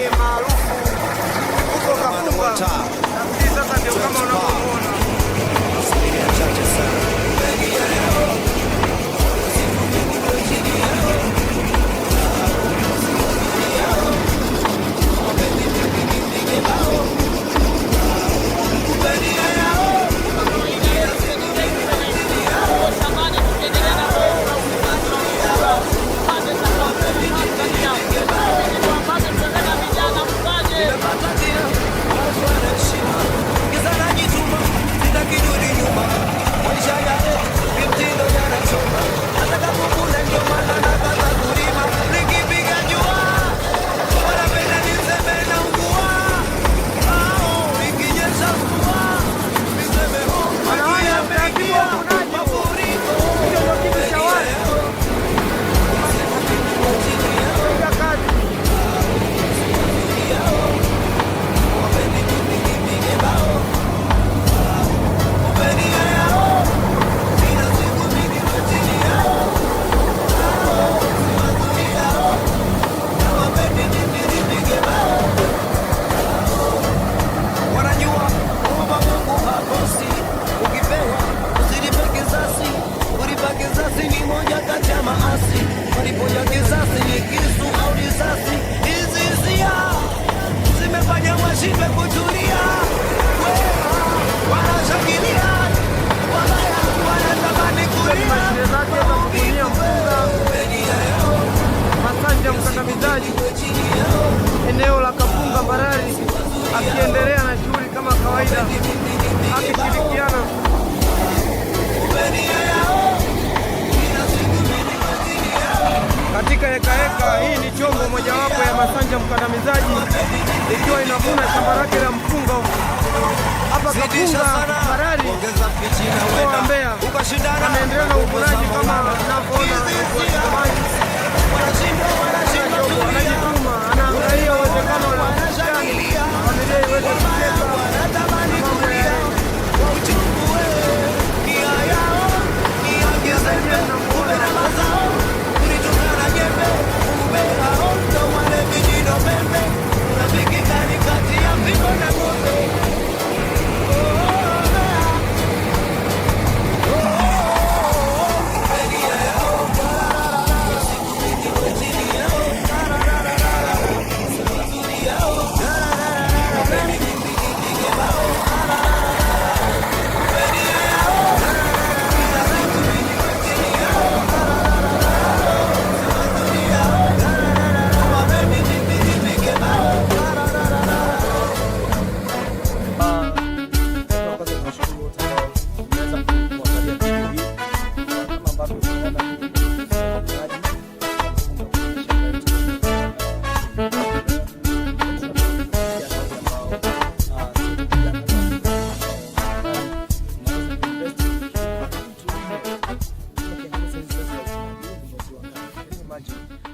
queimar o usipe kutulia, wema wanashangilia, mkandamizaji eneo la Kapunga barari akiendelea na shughuli kama kawaida akishirikiana katika hekaheka hii. Ni chombo mojawapo ya masanja mkandamizaji, ikiwa inavuna shamba lake la mpunga hapa Kapunga Barari, mkoa wa Mbeya. Anaendelea na uvunaji kama mnavyoona.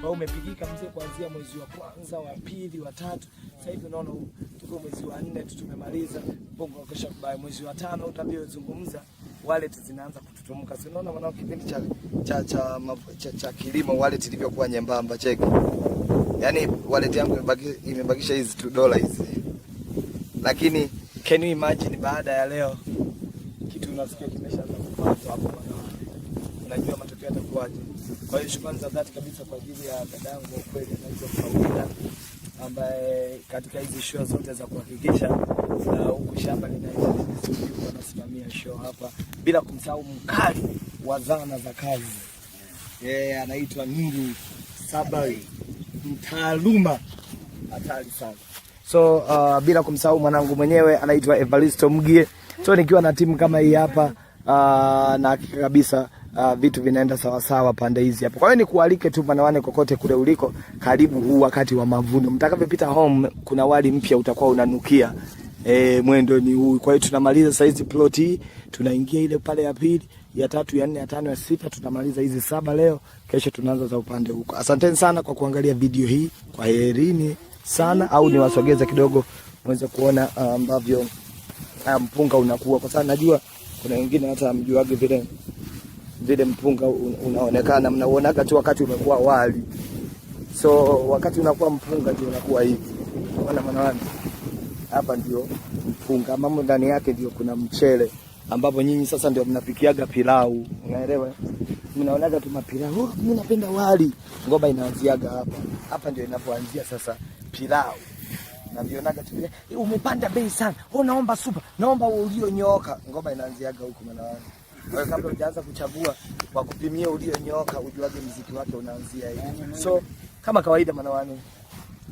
ambao umepigika mzee, kuanzia mwezi wa kwanza, wa pili, wa tatu. Sasa hivi unaona tuko mwezi wa nne tu tumemaliza, bongo kesha kubaya, mwezi wa tano utazungumza wallet zinaanza kututumka, si unaona mwanao, kipindi cha cha cha, cha, cha kilimo wallet ilivyokuwa nyembamba, cheki. Yani wallet yangu imebakisha hizi tu dola hizi, lakini can you imagine baada ya leo kitu unasikia kimeshaanza kupata hapo najua matokeo yatakuwaje. Kwa hiyo shukrani za dhati kabisa kwa ajili ya dadangu kwa kweli anaitwa Faustina ambaye katika hizi show zote za kuhakikisha na uh, huku shamba linaenda vizuri, anasimamia show hapa, bila kumsahau mkali wa zana za kazi yeye, yeah, anaitwa Nuru Sabari, mtaaluma hatari sana. So uh, bila kumsahau mwanangu mwenyewe anaitwa Evaristo Mgie. So nikiwa na timu kama hii hapa uh, na hakika kabisa uh, vitu vinaenda sawasawa pande hizi hapo. Kwa hiyo nikualike tu manawane, kokote kule uliko, karibu huu wakati wa mavuno. Mtakavyopita home, kuna wali mpya utakuwa unanukia. E, mwendo ni huu. Kwa hiyo tunamaliza sasa hizi plot hii, tunaingia ile pale ya pili, ya tatu, ya nne, ya tano, ya sita, tunamaliza hizi saba leo. Kesho tunaanza za upande huko. Asanteni sana kwa kuangalia video hii, kwa herini sana, au niwasogeze kidogo mweze kuona ah, ambavyo um, mpunga unakuwa, kwa sababu najua kuna wengine hata hamjuagi vile vile mpunga unaonekana, mnauonaga tu wakati umekuwa wali. So wakati unakuwa mpunga ndio unakuwa hivi. Unaona maana wangu? Hapa ndio mpunga, mambo ndani yake ndio kuna mchele ambapo nyinyi sasa ndio mnapikiaga pilau. Unaelewa? Mnaonaga tu mapilau. Oh, mimi napenda wali. Ngoba inaanziaga hapa. Hapa ndio inapoanzia sasa pilau. Na mionaga tu eh, umepanda bei sana. Oh, naomba supa. Naomba ulionyoka. nyooka. Ngoba inaanziaga huko maana wangu. Kwa hiyo kabla hujaanza kuchagua kwa kupimia ulionyoka ujuaje mziki wake unaanzia hivi. So kama kawaida, manawani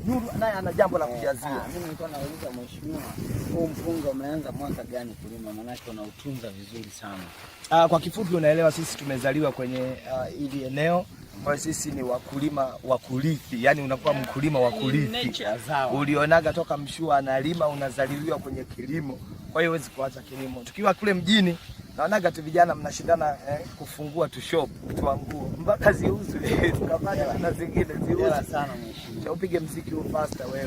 Nuru naye ana jambo la eh, kujazia. Ah, mimi nilikuwa nauliza mheshimiwa, huu mpunga umeanza mwaka gani kulima? Maanake unautunza vizuri sana. Ah, kwa kifupi, unaelewa sisi tumezaliwa kwenye uh, ah, ili eneo kwa sisi ni wakulima wa kurithi, yani unakuwa mkulima wa kurithi. Ulionaga toka mshua analima, unazaliliwa kwenye kilimo, kwa hiyo huwezi kuacha kilimo. Tukiwa kule mjini naonaga tu vijana mnashindana eh, kufungua tu shop tu nguo mpaka ziuzwe tukafanya na zingine ziuzwe sana, upige mziki huu faster wewe.